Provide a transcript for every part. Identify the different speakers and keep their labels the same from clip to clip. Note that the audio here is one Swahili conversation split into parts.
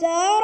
Speaker 1: 走。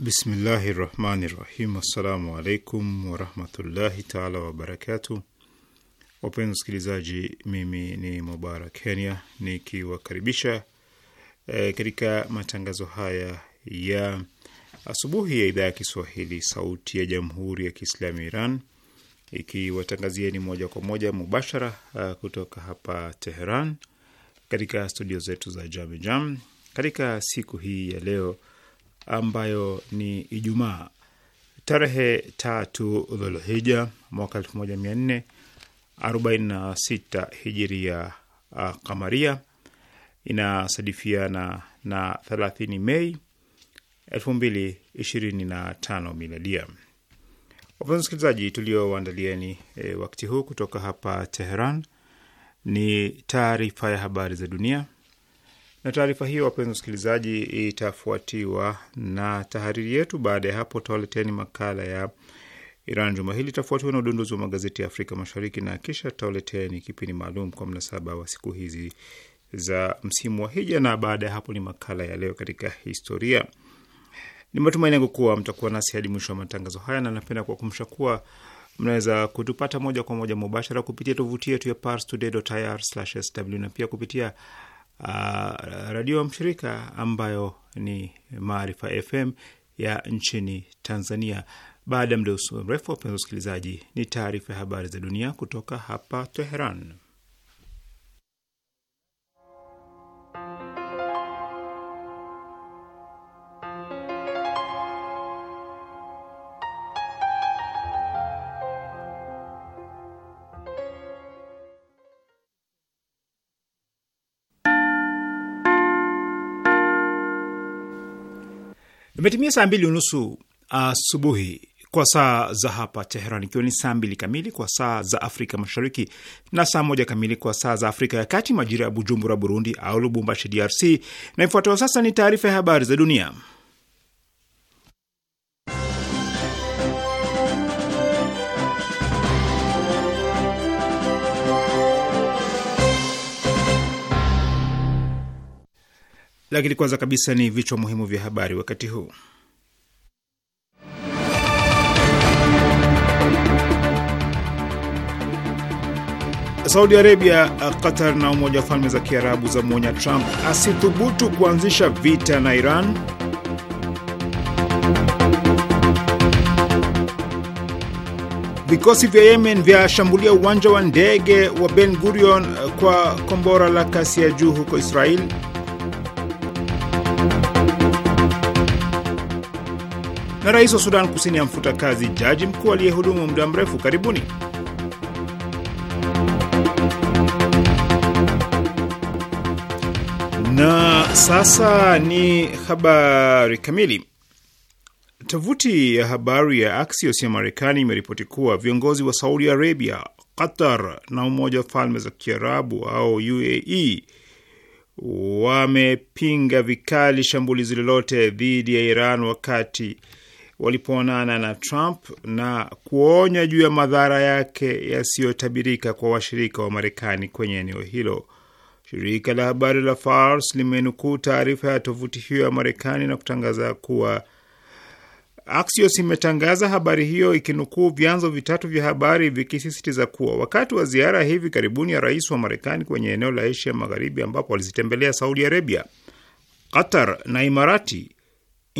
Speaker 2: Bismillahi rahmani rahim. Assalamu alaikum warahmatullahi taala wabarakatu. Wapenzi wasikilizaji, mimi ni Mubarak Kenya nikiwakaribisha e, katika matangazo haya ya asubuhi ya idhaa ya Kiswahili sauti ya jamhuri ya Kiislamu Iran ikiwatangazieni moja kwa moja mubashara a, eh, kutoka hapa Teheran katika studio zetu za jamijam katika siku hii ya leo ambayo ni Ijumaa tarehe tatu Dhulhija mwaka elfu moja mia nne arobaini na sita hijiria uh, kamaria inasadifiana na thelathini Mei elfu mbili ishirini na tano miladia. Wapenzi wasikilizaji, tuliowaandalieni e, wakati huu kutoka hapa Teheran ni taarifa ya habari za dunia na taarifa hiyo, wapenzi wasikilizaji, itafuatiwa na tahariri yetu. Baada ya hapo, tawaleteni makala ya Iran juma hili, itafuatiwa na udondozi wa magazeti ya Afrika Mashariki na kisha tawaleteni kipindi maalum kwa mnasaba wa siku hizi za msimu wa hija, na baada ya hapo ni makala ya leo katika historia. Ni matumaini yangu kuwa mtakuwa nasi hadi mwisho wa matangazo haya, na napenda kuwakumbusha kuwa mnaweza kutupata moja kwa moja mubashara kupitia tovuti yetu ya parstoday.ir/sw na pia kupitia Uh, radio mshirika ambayo ni Maarifa FM ya nchini Tanzania. Baada ya muda mrefu, wapenzi wasikilizaji, ni taarifa ya habari za dunia kutoka hapa Teheran. Imetimia saa mbili unusu asubuhi kwa saa za hapa Teheran, ikiwa ni saa mbili kamili kwa saa za Afrika Mashariki na saa moja kamili kwa saa za Afrika ya Kati, majira ya Bujumbura, Burundi, au Lubumbashi, DRC. Na ifuatayo sasa ni taarifa ya habari za dunia. lakini kwanza kabisa ni vichwa muhimu vya habari wakati huu. Saudi Arabia, Qatar na Umoja wa Falme za Kiarabu za mwonya Trump asithubutu kuanzisha vita na Iran. Vikosi vya Yemen vyashambulia uwanja wa ndege wa Ben Gurion kwa kombora la kasi ya juu huko Israeli. na rais wa Sudan Kusini amfuta kazi jaji mkuu aliyehudumu muda mrefu. Karibuni. Na sasa ni habari kamili. Tovuti ya habari ya Axios ya Marekani imeripoti kuwa viongozi wa Saudi Arabia, Qatar na Umoja wa Falme za Kiarabu au UAE wamepinga vikali shambulizi lolote dhidi ya Iran wakati walipoonana na Trump na kuonya juu ya madhara yake yasiyotabirika kwa washirika wa Marekani kwenye eneo hilo. Shirika la habari la Fars limenukuu taarifa ya tovuti hiyo ya Marekani na kutangaza kuwa Axios imetangaza habari hiyo ikinukuu vyanzo vitatu vya habari vikisisitiza kuwa wakati wa ziara hivi karibuni ya rais wa Marekani kwenye eneo la Asia Magharibi, ambapo alizitembelea Saudi Arabia, Qatar na Imarati,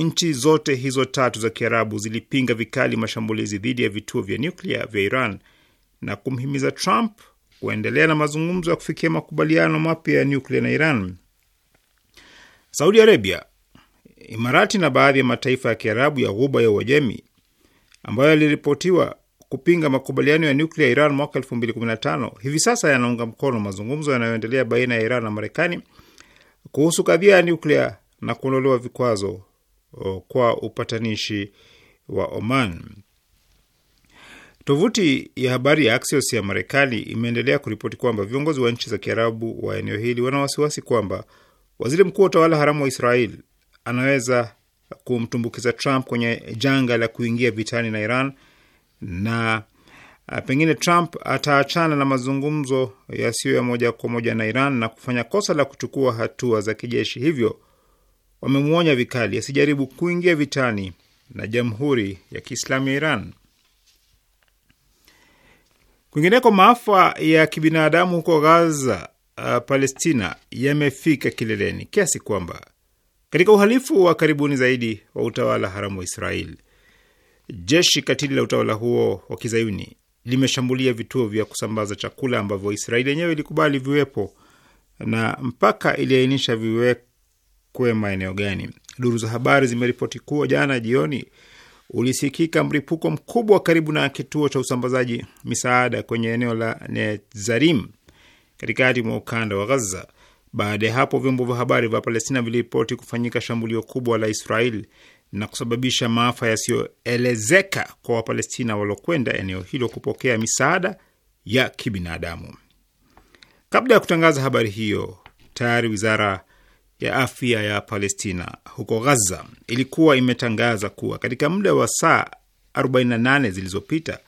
Speaker 2: Nchi zote hizo tatu za Kiarabu zilipinga vikali mashambulizi dhidi ya vituo vya nyuklia vya Iran na kumhimiza Trump kuendelea na mazungumzo ya kufikia makubaliano mapya ya nyuklia na Iran. Saudi Arabia, Imarati na baadhi ya mataifa ya Kiarabu ya Ghuba ya Uajemi ambayo yaliripotiwa kupinga makubaliano ya nyuklia ya Iran mwaka 2015 hivi sasa yanaunga mkono mazungumzo yanayoendelea baina ya Iran na Marekani kuhusu kadhia ya nyuklia na kuondolewa vikwazo Uh, kwa upatanishi wa Oman. Tovuti ya habari ya Axios ya Marekani imeendelea kuripoti kwamba viongozi wa nchi za Kiarabu wa eneo hili wana wasiwasi kwamba waziri mkuu wa utawala haramu wa Israel anaweza kumtumbukiza Trump kwenye janga la kuingia vitani na Iran na uh, pengine Trump ataachana na mazungumzo yasiyo ya moja kwa moja na Iran na kufanya kosa la kuchukua hatua za kijeshi, hivyo wamemwonya vikali asijaribu kuingia vitani na Jamhuri ya Kiislamu ya Iran. Kwingineko, maafa ya kibinadamu huko Gaza, uh, Palestina yamefika kileleni kiasi kwamba katika uhalifu wa karibuni zaidi wa utawala haramu wa israel jeshi katili la utawala huo wa kizayuni limeshambulia vituo vya kusambaza chakula ambavyo Israeli yenyewe ilikubali viwepo na mpaka iliainisha viwe zichukue maeneo gani. Duru za habari zimeripoti kuwa jana jioni ulisikika mlipuko mkubwa karibu na kituo cha usambazaji misaada kwenye eneo la Nezarim katikati mwa ukanda wa Gaza. Baada ya hapo, vyombo vya habari vya Palestina viliripoti kufanyika shambulio kubwa la Israel na kusababisha maafa yasiyoelezeka kwa Wapalestina waliokwenda eneo hilo kupokea misaada ya kibinadamu. Kabla ya kutangaza habari hiyo, tayari wizara ya afya ya Palestina huko Gaza ilikuwa imetangaza kuwa katika muda wa saa 48 zilizopita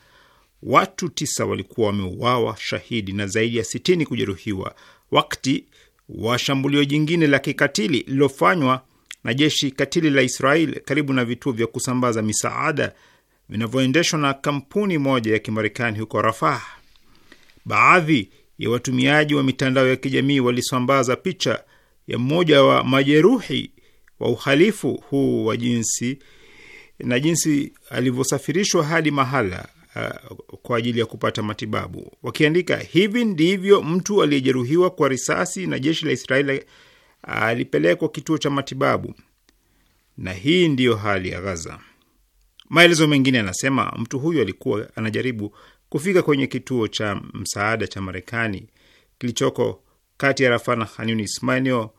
Speaker 2: watu tisa walikuwa wameuawa shahidi na zaidi ya 60 kujeruhiwa wakati wa shambulio jingine la kikatili lililofanywa na jeshi katili la Israel karibu na vituo vya kusambaza misaada vinavyoendeshwa na kampuni moja ya Kimarekani huko Rafah. Baadhi ya watumiaji wa mitandao ya kijamii walisambaza picha ya mmoja wa majeruhi wa uhalifu huu wa jinsi na jinsi alivyosafirishwa hadi mahala uh, kwa ajili ya kupata matibabu, wakiandika hivi ndivyo mtu aliyejeruhiwa kwa risasi na jeshi la Israeli uh, alipelekwa uh, kituo cha matibabu, na hii ndiyo hali ya Gaza. Maelezo mengine yanasema mtu huyu alikuwa anajaribu kufika kwenye kituo cha msaada cha Marekani kilichoko kati ya Rafa na Khan Maeneo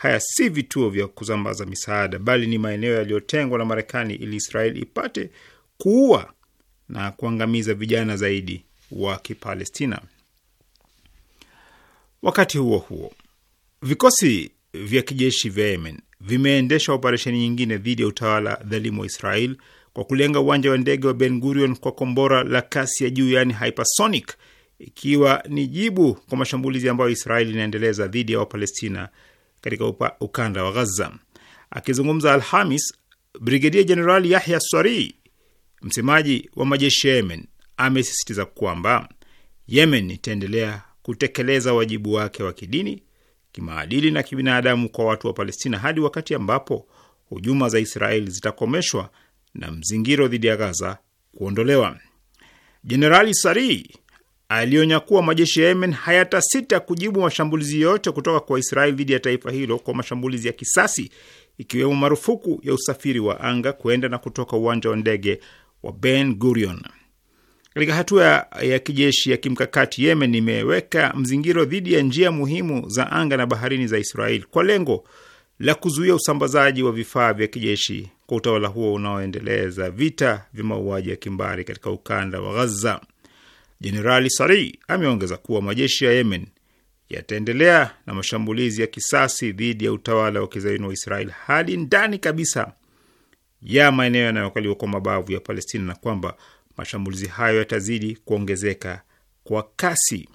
Speaker 2: haya si vituo vya kusambaza misaada, bali ni maeneo yaliyotengwa na Marekani ili Israeli ipate kuua na kuangamiza vijana zaidi wa Kipalestina. Wakati huo huo, vikosi vya kijeshi vya Yemen vimeendesha operesheni nyingine dhidi ya utawala dhalimu wa Israel kwa kulenga uwanja wa ndege wa Ben Gurion kwa kombora la kasi ya juu, yaani hypersonic, ikiwa ni jibu kwa mashambulizi ambayo Israel inaendeleza dhidi ya Wapalestina katika ukanda wa Ghaza. Akizungumza Alhamis, Brigedia Jenerali Yahya Swari, msemaji wa majeshi ya Yemen, amesisitiza kwamba Yemen itaendelea kutekeleza wajibu wake wa kidini, kimaadili na kibinadamu kwa watu wa Palestina hadi wakati ambapo hujuma za Israeli zitakomeshwa na mzingiro dhidi ya Gaza kuondolewa. Jenerali Sari alionya kuwa majeshi ya Yemen hayatasita kujibu mashambulizi yoyote kutoka kwa Israeli dhidi ya taifa hilo kwa mashambulizi ya kisasi, ikiwemo marufuku ya usafiri wa anga kuenda na kutoka uwanja wa ndege wa Ben Gurion. Katika hatua ya kijeshi ya kimkakati, Yemen imeweka mzingiro dhidi ya njia muhimu za anga na baharini za Israeli kwa lengo la kuzuia usambazaji wa vifaa vya kijeshi kwa utawala huo unaoendeleza vita vya mauaji ya kimbari katika ukanda wa Ghaza. Jenerali Sari ameongeza kuwa majeshi ya Yemen yataendelea na mashambulizi ya kisasi dhidi ya utawala wa kizayuni wa Israel hadi ndani kabisa ya maeneo yanayokaliwa kwa mabavu ya Palestina na kwamba mashambulizi hayo yatazidi kuongezeka kwa kasi.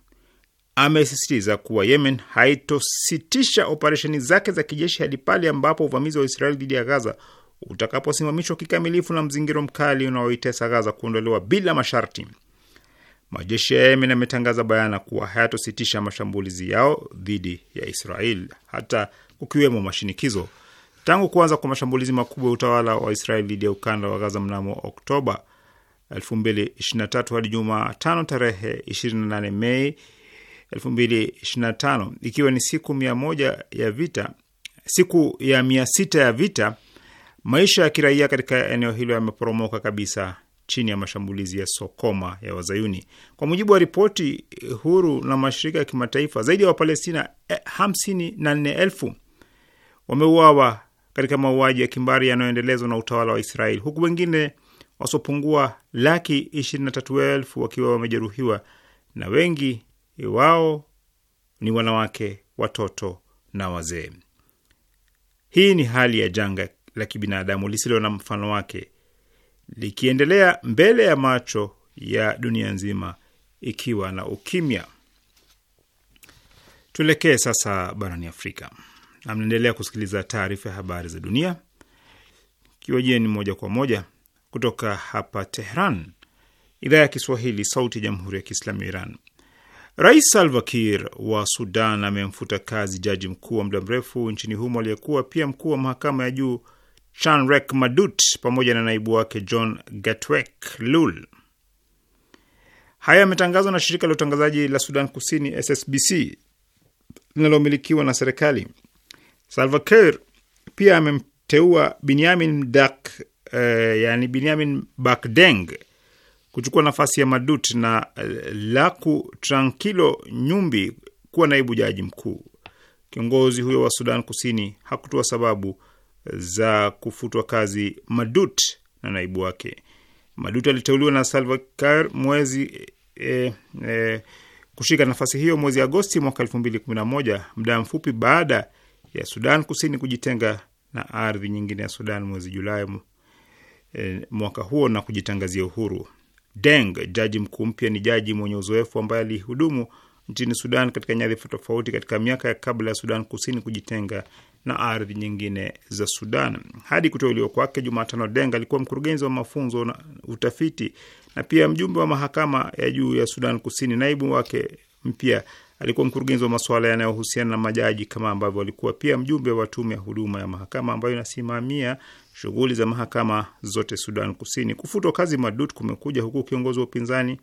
Speaker 2: Amesisitiza kuwa Yemen haitositisha operesheni zake za kijeshi hadi pale ambapo uvamizi wa Israeli dhidi ya Gaza utakaposimamishwa kikamilifu na mzingiro mkali unaoitesa Gaza kuondolewa bila masharti. Majeshi ya Yemen yametangaza bayana kuwa hayatositisha mashambulizi yao dhidi ya Israel hata kukiwemo mashinikizo. Tangu kuanza kwa mashambulizi makubwa ya utawala wa Israel dhidi ya ukanda wa Gaza mnamo Oktoba 2023 hadi Jumatano tarehe 28 Mei 2025 ikiwa ni siku mia moja ya vita, siku ya mia sita ya vita, maisha ya kiraia katika eneo hilo yameporomoka kabisa chini ya mashambulizi ya Sokoma ya Wazayuni. Kwa mujibu wa ripoti huru na mashirika ya kimataifa, zaidi ya Wapalestina eh, hamsini na nne elfu wameuawa katika mauaji ya kimbari yanayoendelezwa na utawala wa Israeli, huku wengine wasiopungua laki ishirini na tatu elfu wakiwa wamejeruhiwa, na wengi wao ni wanawake, watoto na wazee. Hii ni hali ya janga la kibinadamu lisilo na mfano wake likiendelea mbele ya macho ya dunia nzima ikiwa na ukimya. Tuelekee sasa barani Afrika na mnaendelea kusikiliza taarifa ya habari za dunia ikiwa jieni moja kwa moja kutoka hapa Tehran, idhaa ya Kiswahili, sauti ya jamhuri ya kiislamu ya Iran. Rais Salva Kiir wa Sudan amemfuta kazi jaji mkuu wa muda mrefu nchini humo aliyekuwa pia mkuu wa mahakama ya juu Chanrek Madut pamoja na naibu wake John Gatwek Lul. Haya yametangazwa na shirika la utangazaji la Sudan Kusini SSBC linalomilikiwa na serikali. Salva Kiir pia amemteua Binyamin Dak, eh, yani Binyamin Bakdeng kuchukua nafasi ya Madut na eh, Laku Trankilo Nyumbi kuwa naibu jaji mkuu. Kiongozi huyo wa Sudan Kusini hakutoa sababu za kufutwa kazi Madut na naibu wake. Madut aliteuliwa na Salva Kiir mwezi e, e, kushika nafasi hiyo mwezi Agosti mwaka moja muda mfupi baada ya Sudan Kusini kujitenga na ardhi nyingine ya Sudan mwezi Julai e, mwaka huo na kujitangazia uhuru. Deng, jaji mkuu mpya, ni jaji mwenye uzoefu ambaye alihudumu nchini Sudan katika nyadhifa tofauti katika miaka ya kabla ya Sudan Kusini kujitenga na ardhi nyingine za Sudan. Hadi kuteuliwa kwake Jumatano, Deng alikuwa mkurugenzi wa mafunzo na utafiti na pia mjumbe wa mahakama ya juu ya Sudan Kusini. Naibu wake mpya alikuwa mkurugenzi wa masuala yanayohusiana na majaji, kama ambavyo alikuwa pia mjumbe wa tume ya huduma ya mahakama ambayo inasimamia shughuli za mahakama zote Sudan Kusini. Kufutwa kazi Madut kumekuja huku kiongozi wa upinzani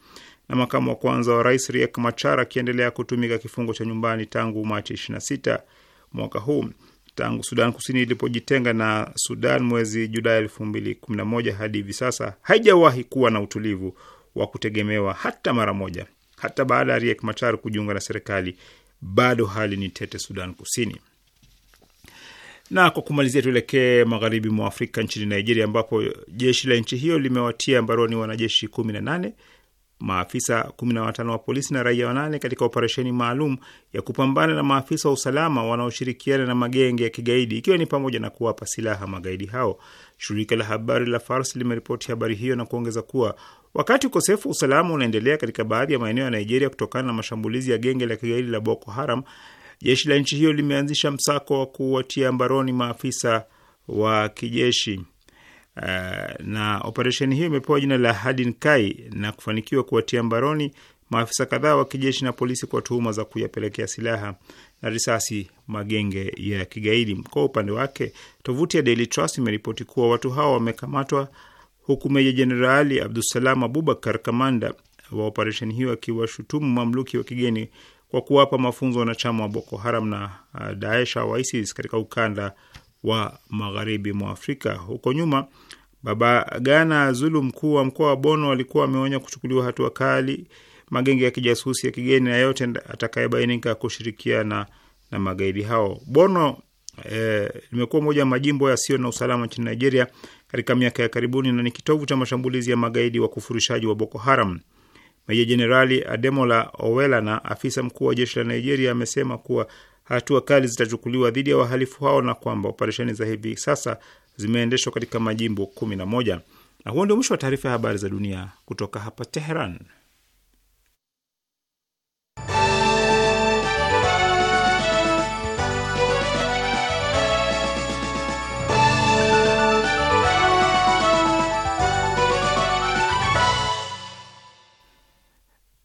Speaker 2: na makamu wa kwanza wa rais Riek Machar akiendelea kutumika kifungo cha nyumbani tangu Machi 26 mwaka huu tangu Sudan Kusini ilipojitenga na Sudan mwezi Julai elfu mbili kumi na moja hadi hivi sasa haijawahi kuwa na utulivu wa kutegemewa hata mara moja. Hata baada ya Riek Machar kujiunga na serikali, bado hali ni tete Sudan Kusini. Na kwa kumalizia, tuelekee magharibi mwa Afrika, nchini Nigeria, ambapo jeshi la nchi hiyo limewatia mbaroni wanajeshi kumi na nane maafisa 15 wa polisi na raia wanane katika operesheni maalum ya kupambana na maafisa wa usalama wanaoshirikiana na magenge ya kigaidi ikiwa ni pamoja na kuwapa silaha magaidi hao. Shirika la habari la Fars limeripoti habari hiyo na kuongeza kuwa wakati ukosefu wa usalama unaendelea katika baadhi ya maeneo ya Nigeria kutokana na mashambulizi ya genge la kigaidi la Boko Haram, jeshi la nchi hiyo limeanzisha msako wa kuwatia mbaroni maafisa wa kijeshi Uh, na operesheni hiyo imepewa jina la Hadin Kai na kufanikiwa kuwatia mbaroni maafisa kadhaa wa kijeshi na polisi kwa tuhuma za kuyapelekea silaha na risasi magenge ya kigaidi. Kwa upande wake, tovuti ya Daily Trust imeripoti kuwa watu hao wamekamatwa huku Meja Jenerali Abdusalam Abubakar, kamanda wa operesheni hiyo, akiwashutumu mamluki wa kigeni kwa kuwapa mafunzo wanachama wa Boko Haram na eh, Daesh au ISIS katika ukanda wa magharibi mwa Afrika. Huko nyuma, Baba Gana Zulu, mkuu wa mkoa wa Bono, alikuwa ameonya kuchukuliwa hatua kali magenge ya kijasusi ya kigeni na yote atakayebainika kushirikiana na magaidi hao. Bono eh, limekuwa eh, moja ya majimbo yasiyo na usalama nchini Nigeria katika miaka ya karibuni na ni kitovu cha mashambulizi ya magaidi wa kufurishaji wa Boko Haram. Meja Jenerali Ademola Owela na afisa mkuu wa jeshi la Nigeria amesema kuwa hatua kali zitachukuliwa dhidi ya wahalifu hao na kwamba operesheni za hivi sasa zimeendeshwa katika majimbo kumi na moja. Na huo ndio mwisho wa taarifa ya habari za dunia kutoka hapa Teheran.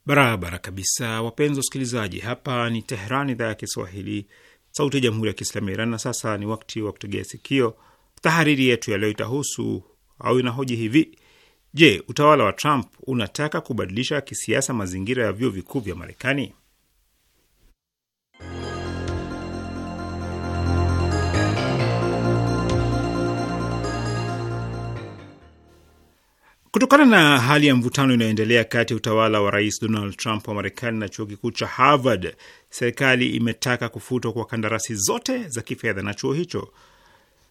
Speaker 2: Barabara kabisa, wapenzi wasikilizaji, hapa ni Teheran, idhaa ya Kiswahili, sauti ya jamhuri ya kiislamu ya Iran. Na sasa ni wakati wa kutegea sikio. Tahariri yetu ya leo itahusu au inahoji hivi: Je, utawala wa Trump unataka kubadilisha kisiasa mazingira ya vyuo vikuu vya Marekani? Kutokana na hali ya mvutano inayoendelea kati ya utawala wa rais Donald Trump wa Marekani na chuo kikuu cha Harvard, serikali imetaka kufutwa kwa kandarasi zote za kifedha na chuo hicho.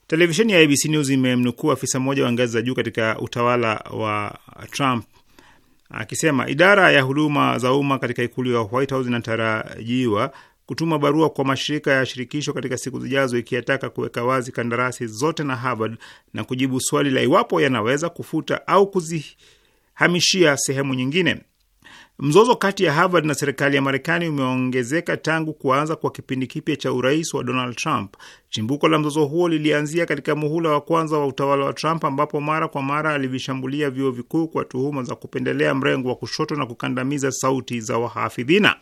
Speaker 2: Televisheni ya ABC News imemnukuu afisa mmoja wa ngazi za juu katika utawala wa Trump akisema idara ya huduma za umma katika ikulu ya White House inatarajiwa kutuma barua kwa mashirika ya shirikisho katika siku zijazo ikiyataka kuweka wazi kandarasi zote na Harvard na kujibu swali la iwapo yanaweza kufuta au kuzihamishia sehemu nyingine. Mzozo kati ya Harvard na serikali ya Marekani umeongezeka tangu kuanza kwa kipindi kipya cha urais wa Donald Trump. Chimbuko la mzozo huo lilianzia katika muhula wa kwanza wa utawala wa Trump, ambapo mara kwa mara alivishambulia vyuo vikuu kwa tuhuma za kupendelea mrengo wa kushoto na kukandamiza sauti za wahafidhina.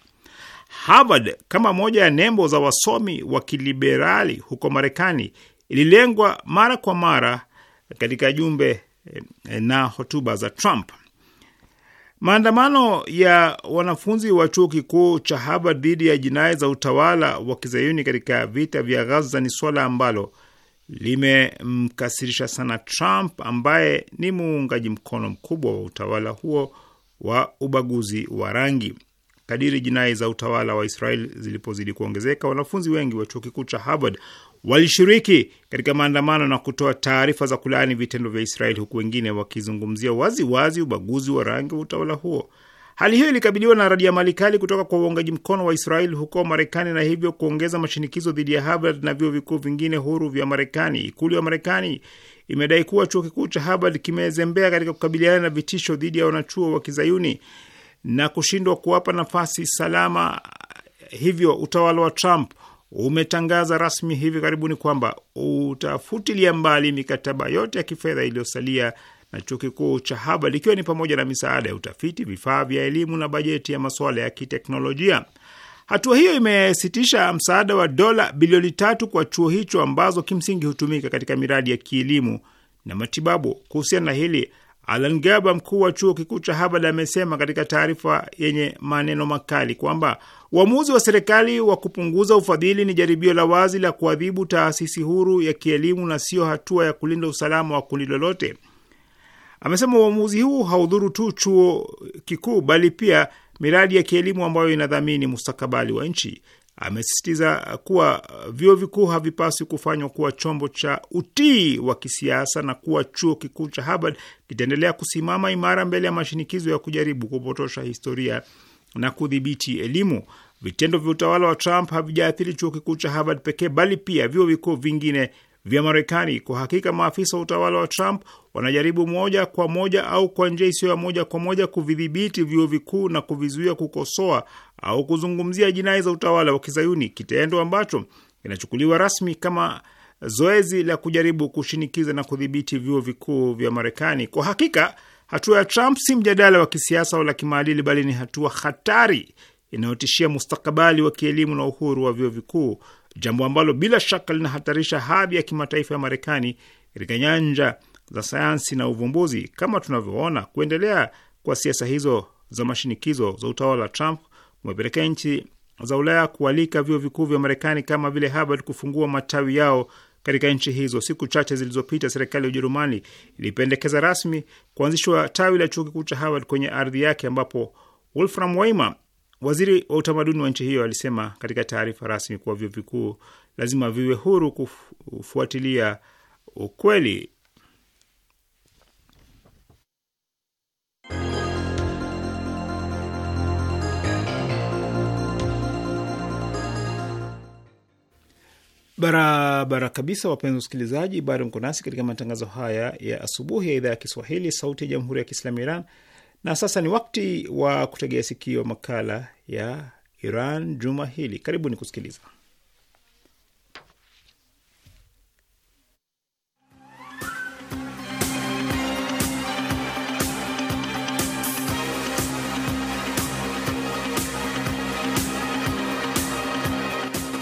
Speaker 2: Harvard kama moja ya nembo za wasomi wa kiliberali huko Marekani ililengwa mara kwa mara katika jumbe eh, na hotuba za Trump. Maandamano ya wanafunzi wa chuo kikuu cha Harvard dhidi ya jinai za utawala wa kizayuni katika vita vya Gaza ni suala ambalo limemkasirisha sana Trump ambaye ni muungaji mkono mkubwa wa utawala huo wa ubaguzi wa rangi. Kadiri jinai za utawala wa Israel zilipozidi kuongezeka, wanafunzi wengi wa chuo kikuu cha Harvard walishiriki katika maandamano na kutoa taarifa za kulaani vitendo vya Israel, huku wengine wakizungumzia waziwazi wazi ubaguzi wa rangi wa utawala huo. Hali hiyo ilikabiliwa na radiamali kali kutoka kwa uungaji mkono wa Israel huko Marekani na hivyo kuongeza mashinikizo dhidi ya Harvard na vyuo vikuu vingine huru vya Marekani. Ikulu ya Marekani imedai kuwa chuo kikuu cha Harvard kimezembea katika kukabiliana na vitisho dhidi ya wanachuo wa Kizayuni na kushindwa kuwapa nafasi salama. Hivyo utawala wa Trump umetangaza rasmi hivi karibuni kwamba utafutilia mbali mikataba yote ya kifedha iliyosalia na chuo kikuu cha Harvard ikiwa ni pamoja na misaada ya utafiti, vifaa vya elimu na bajeti ya masuala ya kiteknolojia. Hatua hiyo imesitisha msaada wa dola bilioni tatu kwa chuo hicho ambazo kimsingi hutumika katika miradi ya kielimu na matibabu. Kuhusiana na hili, Alan Gaba, mkuu wa chuo kikuu cha Harvard, amesema katika taarifa yenye maneno makali kwamba uamuzi wa serikali wa kupunguza ufadhili ni jaribio la wazi la kuadhibu taasisi huru ya kielimu na sio hatua ya kulinda usalama wa kundi lolote. Amesema uamuzi huu haudhuru tu chuo kikuu bali pia miradi ya kielimu ambayo inadhamini mustakabali wa nchi amesisitiza kuwa vyuo vikuu havipaswi kufanywa kuwa chombo cha utii wa kisiasa na kuwa chuo kikuu cha Harvard kitaendelea kusimama imara mbele ya mashinikizo ya kujaribu kupotosha historia na kudhibiti elimu. Vitendo vya utawala wa Trump havijaathiri chuo kikuu cha Harvard pekee, bali pia vyuo vikuu vingine vya Marekani. Kwa hakika maafisa wa utawala wa Trump wanajaribu moja kwa moja au kwa njia isiyo ya moja kwa moja kuvidhibiti vyuo vikuu na kuvizuia kukosoa au kuzungumzia jinai za utawala wa Kizayuni, kitendo ambacho kinachukuliwa rasmi kama zoezi la kujaribu kushinikiza na kudhibiti vyuo vikuu vya Marekani. Kwa hakika hatua ya Trump si mjadala wa kisiasa wala kimaadili, bali ni hatua hatari inayotishia mustakabali wa kielimu na uhuru wa vyuo vikuu jambo ambalo bila shaka linahatarisha hadhi ya kimataifa ya Marekani katika nyanja za sayansi na uvumbuzi. Kama tunavyoona, kuendelea kwa siasa hizo za mashinikizo za utawala wa Trump kumepelekea nchi za Ulaya kualika vyuo vikuu vya Marekani kama vile Harvard kufungua matawi yao katika nchi hizo. Siku chache zilizopita, serikali ya Ujerumani ilipendekeza rasmi kuanzishwa tawi la chuo kikuu cha Harvard kwenye ardhi yake, ambapo Wolfram Weimer Waziri wa utamaduni wa nchi hiyo alisema katika taarifa rasmi kuwa vyuo vikuu lazima viwe huru kufuatilia ukweli. Barabara kabisa, wapenzi wasikilizaji, bado mko nasi katika matangazo haya ya asubuhi ya idhaa ya Kiswahili, Sauti ya Jamhuri ya Kiislamu Iran na sasa ni wakati wa kutegea sikio makala ya Iran juma hili. karibu ni kusikiliza.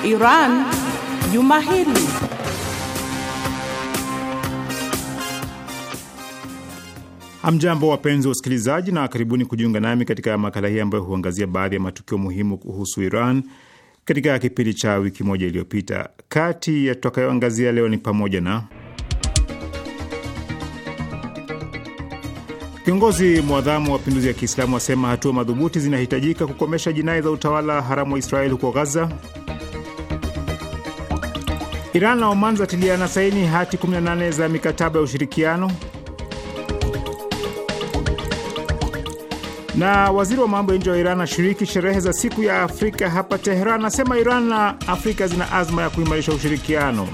Speaker 3: Iran juma hili.
Speaker 2: Hamjambo, wapenzi wa usikilizaji, na karibuni kujiunga nami katika makala hii ambayo huangazia baadhi ya matukio muhimu kuhusu Iran katika kipindi cha wiki moja iliyopita. Kati ya tutakayoangazia leo ni pamoja na Kiongozi mwadhamu wa mapinduzi ya Kiislamu asema hatua madhubuti zinahitajika kukomesha jinai za utawala haramu wa Israeli huko Gaza. Iran na Oman zatiliana saini hati 18 za mikataba ya ushirikiano. Na waziri wa mambo ya nje wa Iran ashiriki sherehe za siku ya Afrika hapa Teheran. Anasema Iran na Afrika zina azma ya kuimarisha ushirikiano.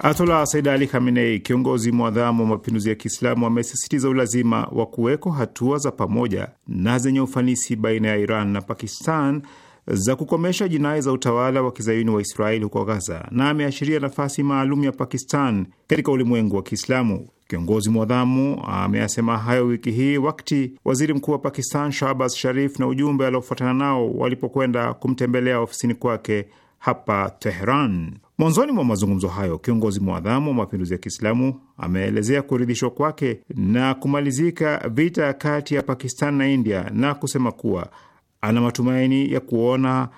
Speaker 2: Atola Said Ali Khamenei, kiongozi mwadhamu wa mapinduzi ya Kiislamu, amesisitiza ulazima wa kuweko hatua za pamoja na zenye ufanisi baina ya Iran na Pakistan za kukomesha jinai za utawala wa kizayuni wa Israeli huko Gaza na ameashiria nafasi maalum ya Pakistan katika ulimwengu wa Kiislamu. Kiongozi mwadhamu ameyasema hayo wiki hii wakati waziri mkuu wa Pakistan Shahbaz Sharif na ujumbe aliofuatana nao walipokwenda kumtembelea ofisini kwake hapa Tehran. Mwanzoni mwa mazungumzo hayo, kiongozi mwadhamu wa mapinduzi ya Kiislamu ameelezea kuridhishwa kwake na kumalizika vita kati ya Pakistan na India na kusema kuwa ana matumaini ya kuona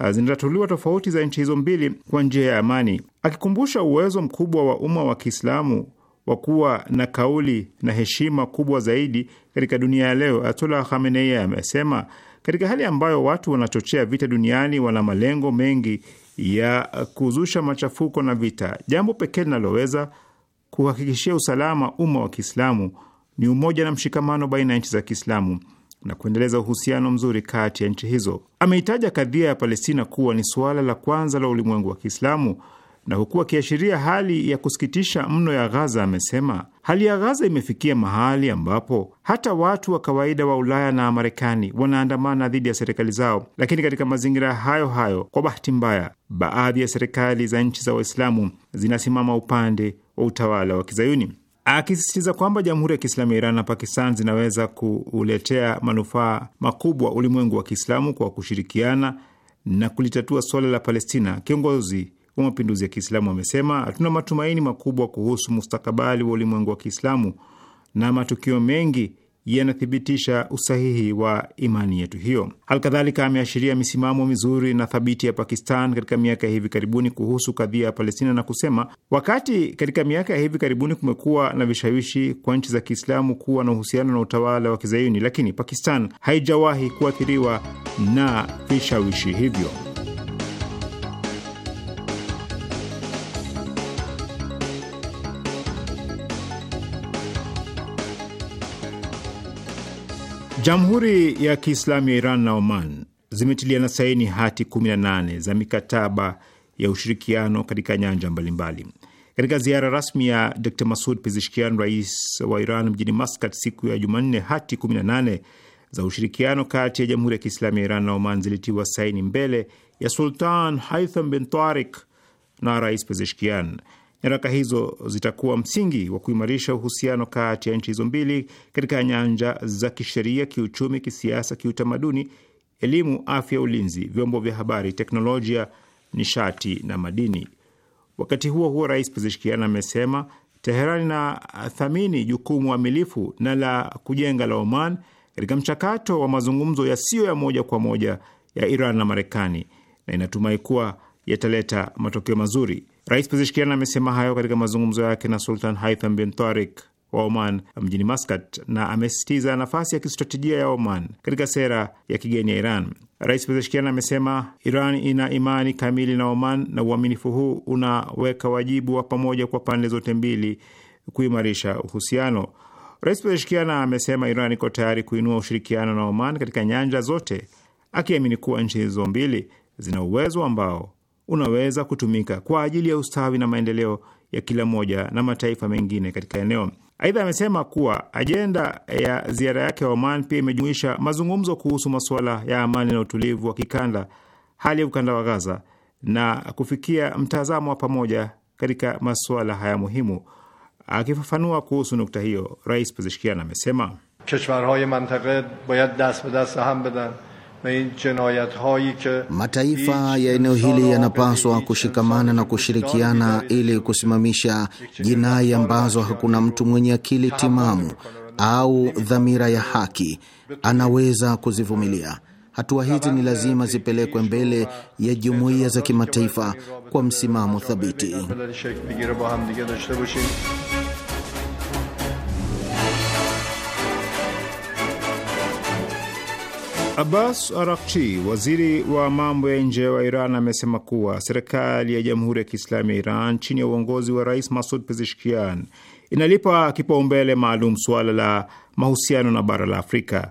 Speaker 2: uh, zinatatuliwa tofauti za nchi hizo mbili kwa njia ya amani, akikumbusha uwezo mkubwa wa umma wa Kiislamu wa kuwa na kauli na heshima kubwa zaidi katika dunia ya leo. Ayatollah Khamenei amesema katika hali ambayo watu wanachochea vita duniani wana malengo mengi ya kuzusha machafuko na vita, jambo pekee linaloweza kuhakikishia usalama umma wa Kiislamu ni umoja na mshikamano baina ya nchi za Kiislamu na kuendeleza uhusiano mzuri kati ya nchi hizo. Ameitaja kadhia ya Palestina kuwa ni suala la kwanza la ulimwengu wa Kiislamu, na huku akiashiria hali ya kusikitisha mno ya Ghaza, amesema hali ya Ghaza imefikia mahali ambapo hata watu wa kawaida wa Ulaya na Marekani wanaandamana dhidi ya serikali zao. Lakini katika mazingira hayo hayo, kwa bahati mbaya, baadhi ya serikali za nchi za Waislamu zinasimama upande wa utawala wa Kizayuni akisisitiza kwamba Jamhuri ya Kiislamu ya Iran na Pakistan zinaweza kuuletea manufaa makubwa ulimwengu wa Kiislamu kwa kushirikiana na kulitatua suala la Palestina. Kiongozi wa mapinduzi ya Kiislamu amesema, tuna matumaini makubwa kuhusu mustakabali wa ulimwengu wa Kiislamu na matukio mengi yanathibitisha usahihi wa imani yetu hiyo. Halikadhalika, ameashiria misimamo mizuri na thabiti ya Pakistan katika miaka ya hivi karibuni kuhusu kadhia ya Palestina na kusema, wakati katika miaka ya hivi karibuni kumekuwa na vishawishi kwa nchi za Kiislamu kuwa na uhusiano na utawala wa Kizayuni, lakini Pakistan haijawahi kuathiriwa na vishawishi hivyo. Jamhuri ya Kiislamu ya Iran na Oman zimetiliana saini hati 18 za mikataba ya ushirikiano katika nyanja mbalimbali. Katika ziara rasmi ya Dr Masud pezishkian rais wa Iran, mjini Maskat siku ya Jumanne, hati 18 za ushirikiano kati ya Jamhuri ya Kiislamu ya Iran na Oman zilitiwa saini mbele ya Sultan Haitham bin Tarik na Rais Pezeshkian. Nyaraka hizo zitakuwa msingi wa kuimarisha uhusiano kati ya nchi hizo mbili katika nyanja za kisheria, kiuchumi, kisiasa, kiutamaduni, elimu, afya, ulinzi, vyombo vya habari, teknolojia, nishati na madini. Wakati huo huo, Rais Pezeshkian amesema Teherani na thamini jukumu amilifu na la kujenga la Oman katika mchakato wa mazungumzo yasiyo ya moja kwa moja ya Iran na Marekani na inatumai kuwa yataleta matokeo mazuri. Rais Pezeshkian amesema hayo katika mazungumzo yake na Sultan Haitham bin Tarik wa Oman mjini Maskat na amesisitiza nafasi ya kistratejia ya Oman katika sera ya kigeni ya Iran. Rais Pezeshkian amesema Iran ina imani kamili na Oman na uaminifu huu unaweka wajibu wa pamoja kwa pande zote mbili kuimarisha uhusiano. Rais Pezeshkian amesema Iran iko tayari kuinua ushirikiano na Oman katika nyanja zote, akiamini kuwa nchi hizo mbili zina uwezo ambao unaweza kutumika kwa ajili ya ustawi na maendeleo ya kila moja na mataifa mengine katika eneo. Aidha, amesema kuwa ajenda ya ziara yake ya Oman pia imejumuisha mazungumzo kuhusu masuala ya amani na utulivu wa kikanda, hali ya ukanda wa Gaza na kufikia mtazamo wa pamoja katika masuala haya muhimu. Akifafanua kuhusu nukta hiyo, Rais Pezeshkian amesema
Speaker 4: keshwarhay mantaqe bayad dast be dast ham bedan
Speaker 5: Mataifa ya eneo hili yanapaswa kushikamana na kushirikiana ili kusimamisha jinai ambazo hakuna mtu mwenye akili timamu au dhamira ya haki anaweza kuzivumilia. Hatua hizi ni lazima zipelekwe mbele ya jumuiya za kimataifa kwa msimamo thabiti.
Speaker 2: Abbas Arakchi, waziri wa mambo ya nje wa Iran, amesema kuwa serikali ya Jamhuri ya Kiislamu ya Iran chini ya uongozi wa Rais Masud Pezeshkian inalipa kipaumbele maalum suala la mahusiano na bara la Afrika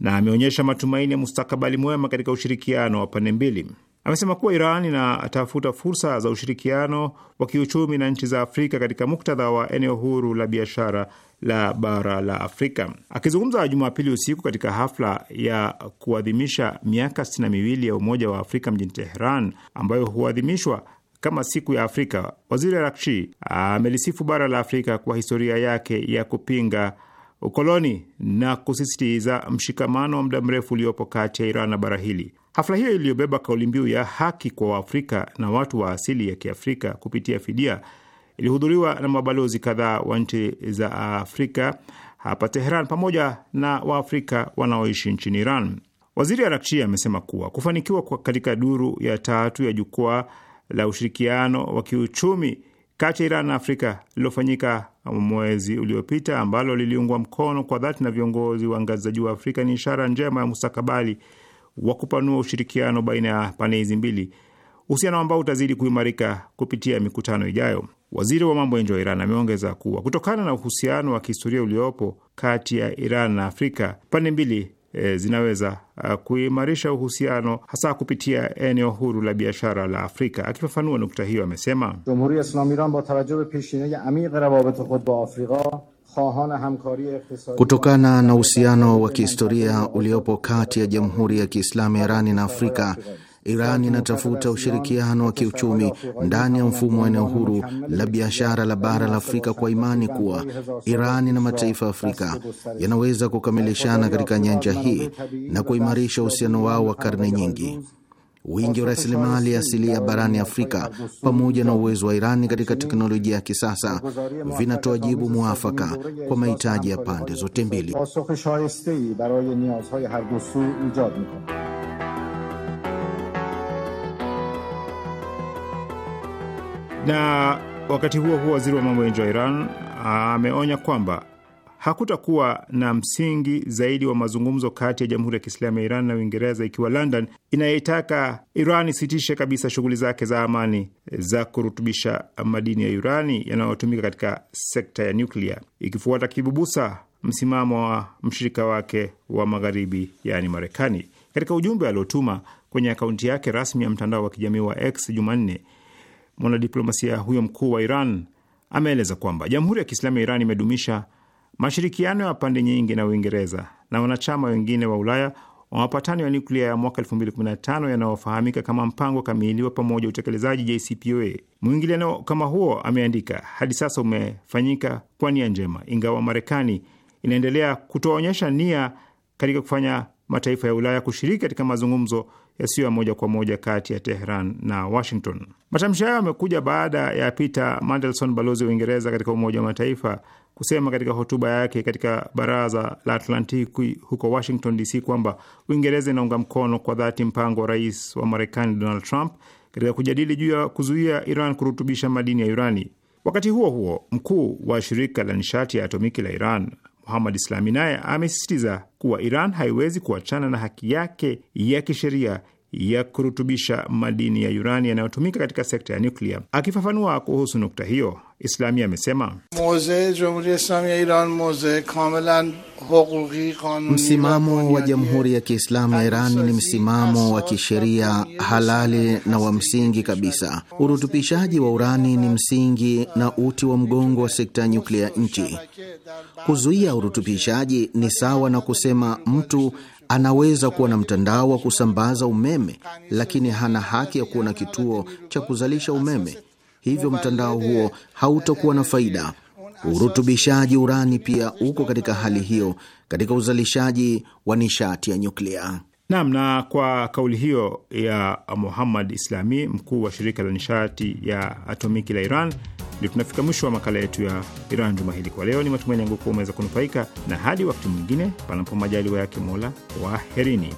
Speaker 2: na ameonyesha matumaini ya mustakabali mwema katika ushirikiano wa pande mbili. Amesema kuwa Iran inatafuta fursa za ushirikiano wa kiuchumi na nchi za Afrika katika muktadha wa eneo huru la biashara la bara la Afrika. Akizungumza Jumapili usiku katika hafla ya kuadhimisha miaka sitini na miwili ya Umoja wa Afrika mjini Teheran, ambayo huadhimishwa kama siku ya Afrika, waziri Rakshi amelisifu bara la Afrika kwa historia yake ya kupinga ukoloni na kusisitiza mshikamano wa muda mrefu uliopo kati ya Iran na bara hili. Hafla hiyo iliyobeba kauli mbiu ya haki kwa Waafrika na watu wa asili ya Kiafrika kupitia fidia ilihudhuriwa na mabalozi kadhaa wa nchi za Afrika hapa Teheran pamoja na Waafrika wanaoishi nchini Iran. Waziri Arakchi amesema kuwa kufanikiwa katika duru ya tatu ya jukwaa la ushirikiano wa kiuchumi kati ya Iran na Afrika lililofanyika mwezi uliopita, ambalo liliungwa mkono kwa dhati na viongozi wa ngazi za juu wa Afrika, ni ishara njema ya mustakabali wa kupanua ushirikiano baina ya pande hizi mbili, uhusiano ambao utazidi kuimarika kupitia mikutano ijayo. Waziri wa mambo ya nje wa Iran ameongeza kuwa kutokana na uhusiano wa kihistoria uliopo kati ya Iran na Afrika, pande mbili e, zinaweza eh, kuimarisha uhusiano hasa kupitia eneo huru la biashara la Afrika. Akifafanua nukta hiyo, amesema
Speaker 5: kutokana na uhusiano wa kihistoria uliopo kati ya Jamhuri ya Kiislamu ya Irani na Afrika Iran inatafuta ushirikiano wa kiuchumi ndani ya mfumo wa eneo huru la biashara la bara la Afrika kwa imani kuwa Iran na mataifa ya Afrika yanaweza kukamilishana katika nyanja hii na kuimarisha uhusiano wao wa karne nyingi. Wingi wa rasilimali asilia barani Afrika pamoja na uwezo wa Irani katika teknolojia ya kisasa vinatoa jibu mwafaka kwa mahitaji ya pande zote mbili.
Speaker 2: Na wakati huo huo, waziri wa mambo ya nje wa Iran ah, ameonya kwamba hakutakuwa na msingi zaidi wa mazungumzo kati ya Jamhuri ya Kiislamu ya Iran na Uingereza ikiwa London inayoitaka Iran isitishe kabisa shughuli zake za amani za kurutubisha madini ya urani yanayotumika katika sekta ya nyuklia, ikifuata kibubusa msimamo wa mshirika wake wa magharibi, yaani Marekani. Katika ujumbe aliotuma kwenye akaunti yake rasmi ya mtandao wa kijamii wa X Jumanne, mwanadiplomasia huyo mkuu wa Iran ameeleza kwamba Jamhuri ya Kiislamu ya Iran imedumisha mashirikiano ya pande nyingi na Uingereza na wanachama wengine wa Ulaya wa mapatano ya nuklia ya mwaka 2015 yanayofahamika kama mpango kamili wa pamoja utekelezaji JCPOA. Mwingiliano kama huo, ameandika, hadi sasa umefanyika kwa nia njema, ingawa Marekani inaendelea kutoonyesha nia katika kufanya mataifa ya Ulaya kushiriki katika mazungumzo yasiyo ya moja kwa moja kati ya Tehran na Washington. Matamshi hayo yamekuja baada ya Peter Mandelson, balozi wa Uingereza katika Umoja wa Mataifa, kusema katika hotuba yake katika Baraza la Atlantiki huko Washington DC kwamba Uingereza inaunga mkono kwa dhati mpango wa rais wa Marekani Donald Trump katika kujadili juu ya kuzuia Iran kurutubisha madini ya urani. Wakati huo huo, mkuu wa shirika la nishati ya atomiki la Iran Muhammad Islami naye amesisitiza kuwa Iran haiwezi kuachana na haki yake ya kisheria ya kurutubisha madini ya urani yanayotumika katika sekta ya nyuklia. Akifafanua kuhusu nukta hiyo, Islamia amesema
Speaker 5: msimamo wa Jamhuri ya Kiislamu ya Iran ni msimamo wa kisheria halali na wa msingi kabisa. Urutubishaji wa urani ni msingi na uti wa mgongo wa sekta ya nyuklia nchi. Kuzuia urutubishaji ni sawa na kusema mtu anaweza kuwa na mtandao wa kusambaza umeme, lakini hana haki ya kuwa na kituo cha kuzalisha umeme, hivyo mtandao huo hautakuwa na faida. Urutubishaji urani pia uko katika hali hiyo katika uzalishaji wa nishati ya nyuklia.
Speaker 2: Naam, na kwa kauli hiyo ya Muhammad Islami, mkuu wa shirika la nishati ya atomiki la Iran ndio tunafika mwisho wa makala yetu ya Iran juma hili. Kwa leo, ni matumaini yangu kuwa umeweza kunufaika, na hadi wakati mwingine, panapo majaliwa yake Mola, waherini.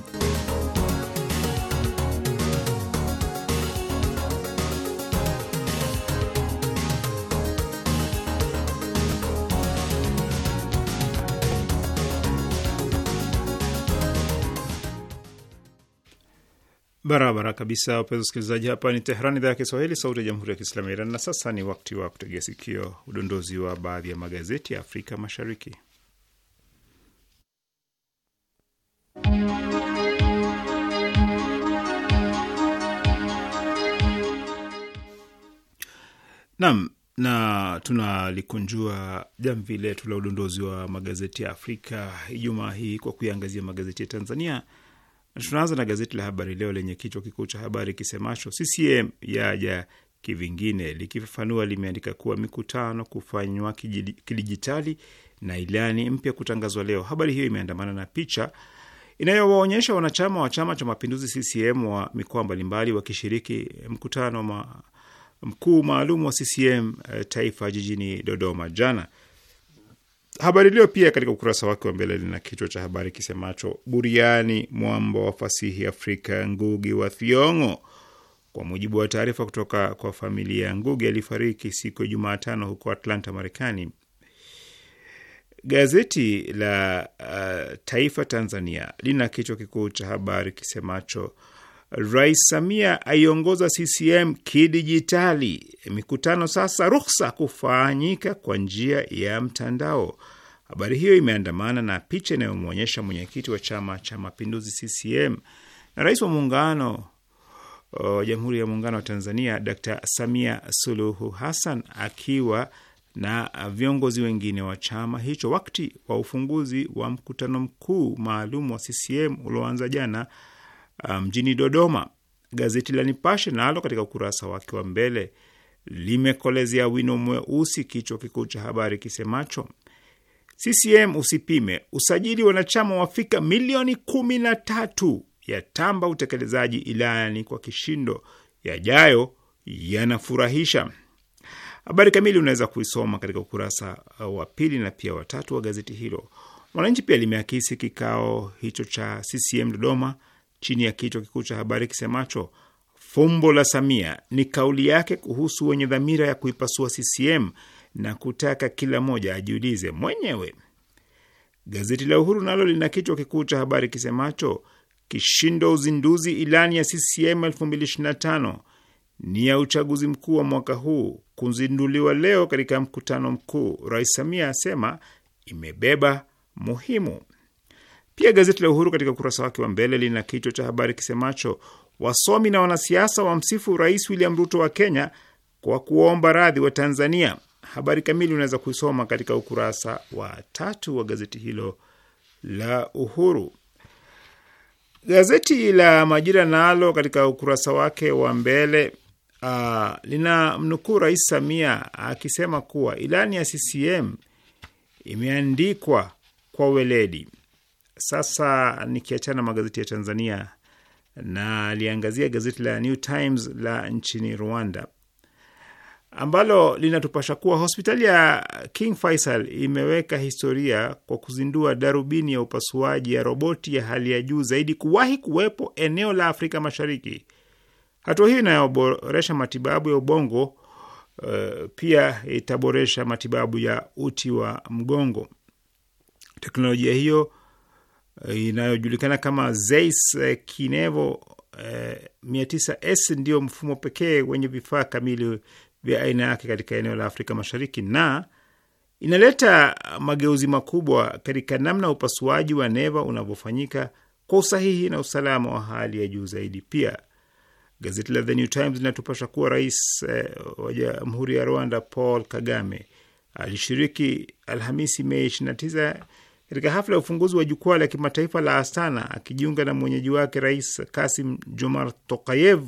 Speaker 2: Barabara kabisa, wapenzi wasikilizaji, hapa ni Tehran, idhaa ya Kiswahili, sauti ya jamhuri ya kiislamu ya Iran. Na sasa ni wakati wa kutegea sikio udondozi wa baadhi ya magazeti ya Afrika Mashariki. Naam, na tunalikunjua jamvi letu la udondozi wa magazeti ya Afrika Ijumaa hii kwa kuiangazia magazeti ya Tanzania Tunaanza na gazeti la Habari Leo lenye kichwa kikuu cha habari kisemacho CCM yaja kivingine. Likifafanua, limeandika kuwa mikutano kufanywa kidijitali na ilani mpya kutangazwa leo. Habari hiyo imeandamana na picha inayowaonyesha wanachama wa Chama cha Mapinduzi CCM wa mikoa mbalimbali wakishiriki mkutano ma, mkuu maalum wa CCM eh, taifa jijini Dodoma jana. Habari Leo pia katika ukurasa wake wa mbele lina kichwa cha habari kisemacho buriani mwamba wa fasihi Afrika, Ngugi wa Thiong'o. Kwa mujibu wa taarifa kutoka kwa familia ya Ngugi, alifariki siku ya Jumatano huko Atlanta, Marekani. Gazeti la uh, Taifa Tanzania lina kichwa kikuu cha habari kisemacho Rais Samia aiongoza CCM kidijitali. Mikutano sasa ruhusa kufanyika kwa njia ya mtandao. Habari hiyo imeandamana na picha inayomwonyesha mwenyekiti wa Chama cha Mapinduzi CCM na rais wa muungano uh, Jamhuri ya Muungano wa Tanzania Dr. Samia Suluhu Hassan akiwa na viongozi wengine wa chama hicho wakati wa ufunguzi wa mkutano mkuu maalum wa CCM ulioanza jana Ah, mjini um, Dodoma. Gazeti la Nipashe nalo katika ukurasa wake wa mbele limekolezea wino mweusi kichwa kikuu cha habari kisemacho CCM usipime usajili wanachama wafika milioni kumi na tatu tamba utekelezaji ilani kwa kishindo, yajayo yanafurahisha. Habari kamili unaweza kuisoma katika ukurasa wa pili na pia watatu wa gazeti hilo. Mwananchi pia limeakisi kikao hicho cha CCM Dodoma chini ya kichwa kikuu cha habari kisemacho fumbo la Samia ni kauli yake kuhusu wenye dhamira ya kuipasua CCM na kutaka kila mmoja ajiulize mwenyewe. Gazeti la Uhuru nalo lina kichwa kikuu cha habari kisemacho kishindo uzinduzi ilani ya CCM 2025 ni ya uchaguzi mkuu wa mwaka huu kuzinduliwa leo katika mkutano mkuu. Rais Samia asema imebeba muhimu. Pia gazeti la Uhuru katika ukurasa wake wa mbele lina kichwa cha habari kisemacho wasomi na wanasiasa wamsifu Rais William Ruto wa Kenya kwa kuomba radhi wa Tanzania. Habari kamili unaweza kuisoma katika ukurasa wa tatu wa gazeti hilo la Uhuru. Gazeti la Majira nalo katika ukurasa wake wa mbele uh, lina mnukuu Rais Samia akisema kuwa ilani ya CCM imeandikwa kwa weledi sasa nikiachana magazeti ya Tanzania na aliangazia gazeti la New Times la nchini Rwanda ambalo linatupasha kuwa hospitali ya King Faisal imeweka historia kwa kuzindua darubini ya upasuaji ya roboti ya hali ya juu zaidi kuwahi kuwepo eneo la Afrika Mashariki. Hatua hiyo inayoboresha matibabu ya ubongo uh, pia itaboresha matibabu ya uti wa mgongo. Teknolojia hiyo Eh, inayojulikana kama Zeiss eh, Kinevo eh, 900S ndiyo mfumo pekee wenye vifaa kamili vya aina yake katika eneo la Afrika Mashariki na inaleta mageuzi makubwa katika namna upasuaji wa neva unavyofanyika kwa usahihi na usalama wa hali ya juu zaidi. Pia gazeti la The New Times linatupasha kuwa rais eh, wa Jamhuri ya Rwanda Paul Kagame alishiriki Alhamisi Mei 29 katika hafla ya ufunguzi wa jukwaa la kimataifa la Astana akijiunga na mwenyeji wake Rais Kasim jomar Tokayev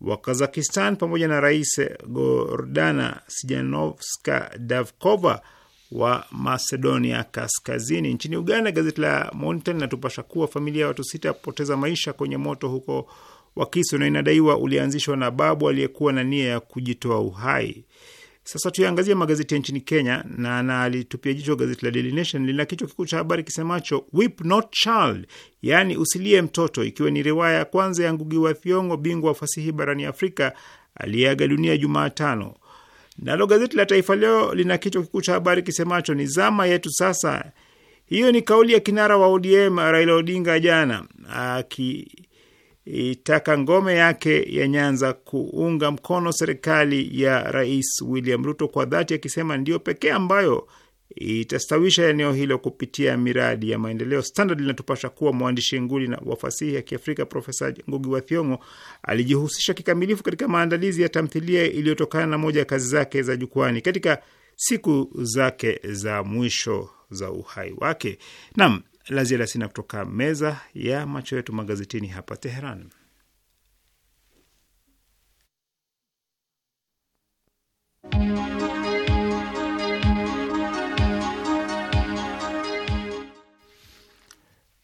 Speaker 2: wa Kazakistan pamoja na Rais Gordana Sijanovska Davkova wa Macedonia Kaskazini. Nchini Uganda, gazeti la Monitor linatupasha kuwa familia ya watu sita kupoteza maisha kwenye moto huko Wakiso na inadaiwa ulianzishwa na babu aliyekuwa na nia ya kujitoa uhai. Sasa tuyaangazia magazeti ya nchini Kenya na nalitupia jicho gazeti la Daily Nation lina kichwa kikuu cha habari kisemacho Weep Not Child, yaani usilie mtoto, ikiwa ni riwaya ya kwanza ya Ngugi wa Thiong'o, bingwa wa fasihi barani Afrika aliyeaga dunia Jumatano. Nalo gazeti la Taifa Leo lina kichwa kikuu cha habari kisemacho ni zama yetu sasa. Hiyo ni kauli ya kinara wa ODM Raila Odinga jana aki itaka ngome yake ya Nyanza kuunga mkono serikali ya Rais William Ruto kwa dhati, akisema ndiyo pekee ambayo itastawisha eneo hilo kupitia miradi ya maendeleo. Standard linatupasha kuwa mwandishi nguli na wafasihi ya Kiafrika Profesa Ngugi wa Thiong'o alijihusisha kikamilifu katika maandalizi ya tamthilia iliyotokana na moja ya kazi zake za jukwani katika siku zake za mwisho za uhai wake. Naam, la ziada sina kutoka meza ya macho yetu magazetini hapa Teheran.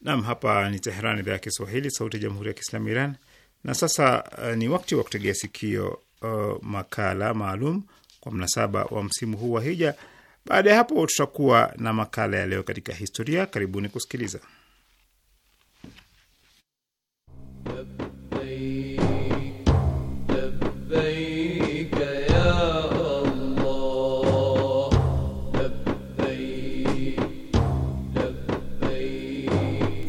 Speaker 2: Nam, hapa ni Teheran, idhaa ya Kiswahili, sauti ya jamhuri ya kiislamu Iran. Na sasa uh, ni wakati wa kutegea sikio uh, makala maalum kwa mnasaba wa msimu huu wa hija baada ya hapo tutakuwa na makala ya leo katika historia. Karibuni kusikiliza.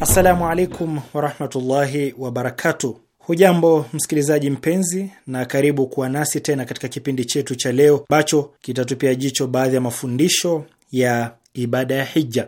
Speaker 6: Assalamu alaikum warahmatullahi wabarakatu. Hujambo msikilizaji mpenzi, na karibu kuwa nasi tena katika kipindi chetu cha leo ambacho kitatupia jicho baadhi ya mafundisho ya ibada ya hija.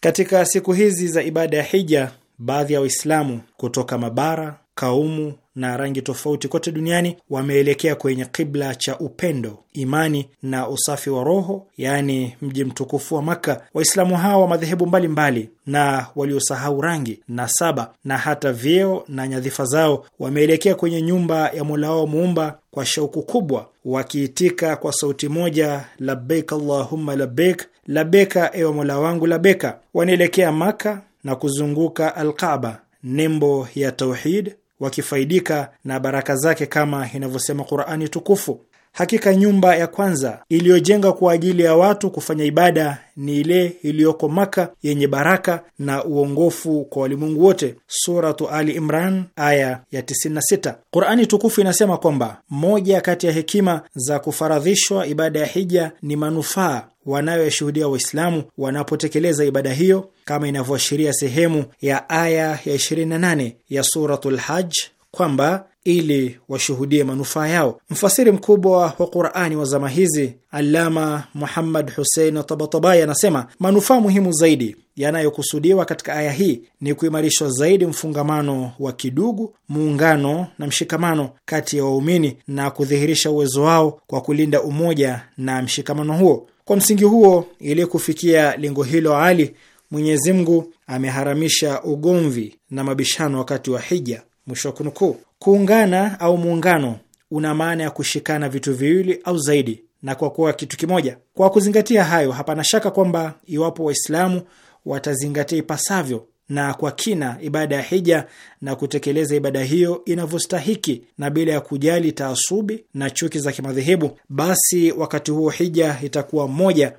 Speaker 6: Katika siku hizi za ibada ya hija, baadhi ya Waislamu kutoka mabara kaumu na rangi tofauti kote duniani wameelekea kwenye kibla cha upendo, imani na usafi wa roho, yaani mji mtukufu wa Makka. Waislamu hawa wa madhehebu mbalimbali na waliosahau rangi, na saba na hata vyeo na nyadhifa zao wameelekea kwenye nyumba ya Mola wao Muumba kwa shauku kubwa, wakiitika kwa sauti moja, labbaik allahumma labbaik, labeka ewe Mola wangu labeka. Wanaelekea makka na kuzunguka Alkaba, nembo ya tauhid wakifaidika na baraka zake kama inavyosema Qur'ani tukufu. Hakika nyumba ya kwanza iliyojenga kwa ajili ya watu kufanya ibada ni ile iliyoko Maka yenye baraka na uongofu kwa walimwengu wote. Suratu Ali Imran aya ya 96. Qurani tukufu inasema kwamba moja kati ya hekima za kufaradhishwa ibada ya hija ni manufaa wanayoyashuhudia Waislamu wanapotekeleza ibada hiyo kama inavyoashiria sehemu ya aya ya 28 ya Suratul Hajj kwamba ili washuhudie manufaa yao. Mfasiri mkubwa wa Qurani wa zama hizi Allama Muhammad Husein Tabatabai anasema manufaa muhimu zaidi yanayokusudiwa katika aya hii ni kuimarishwa zaidi mfungamano wa kidugu, muungano na mshikamano kati ya waumini na kudhihirisha uwezo wao kwa kulinda umoja na mshikamano huo. Kwa msingi huo, ili kufikia lengo hilo ali, Mwenyezi Mungu ameharamisha ugomvi na mabishano wakati wa hija. Mwisho wa kunukuu. Kuungana au muungano una maana ya kushikana vitu viwili au zaidi na kwa kuwa kitu kimoja. Kwa kuzingatia hayo, hapana shaka kwamba iwapo Waislamu watazingatia ipasavyo na kwa kina ibada ya hija na kutekeleza ibada hiyo inavyostahiki na bila ya kujali taasubi na chuki za kimadhehebu, basi wakati huo hija itakuwa moja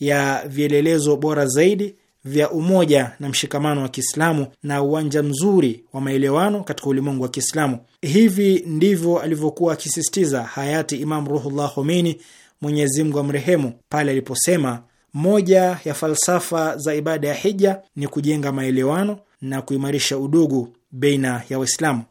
Speaker 6: ya vielelezo bora zaidi vya umoja na mshikamano wa Kiislamu na uwanja mzuri wa maelewano katika ulimwengu wa Kiislamu. Hivi ndivyo alivyokuwa akisisitiza hayati Imam Ruhullah Khomeini, Mwenyezi Mungu amrehemu, pale aliposema moja ya falsafa za ibada ya hija ni kujenga maelewano na kuimarisha udugu baina ya Waislamu.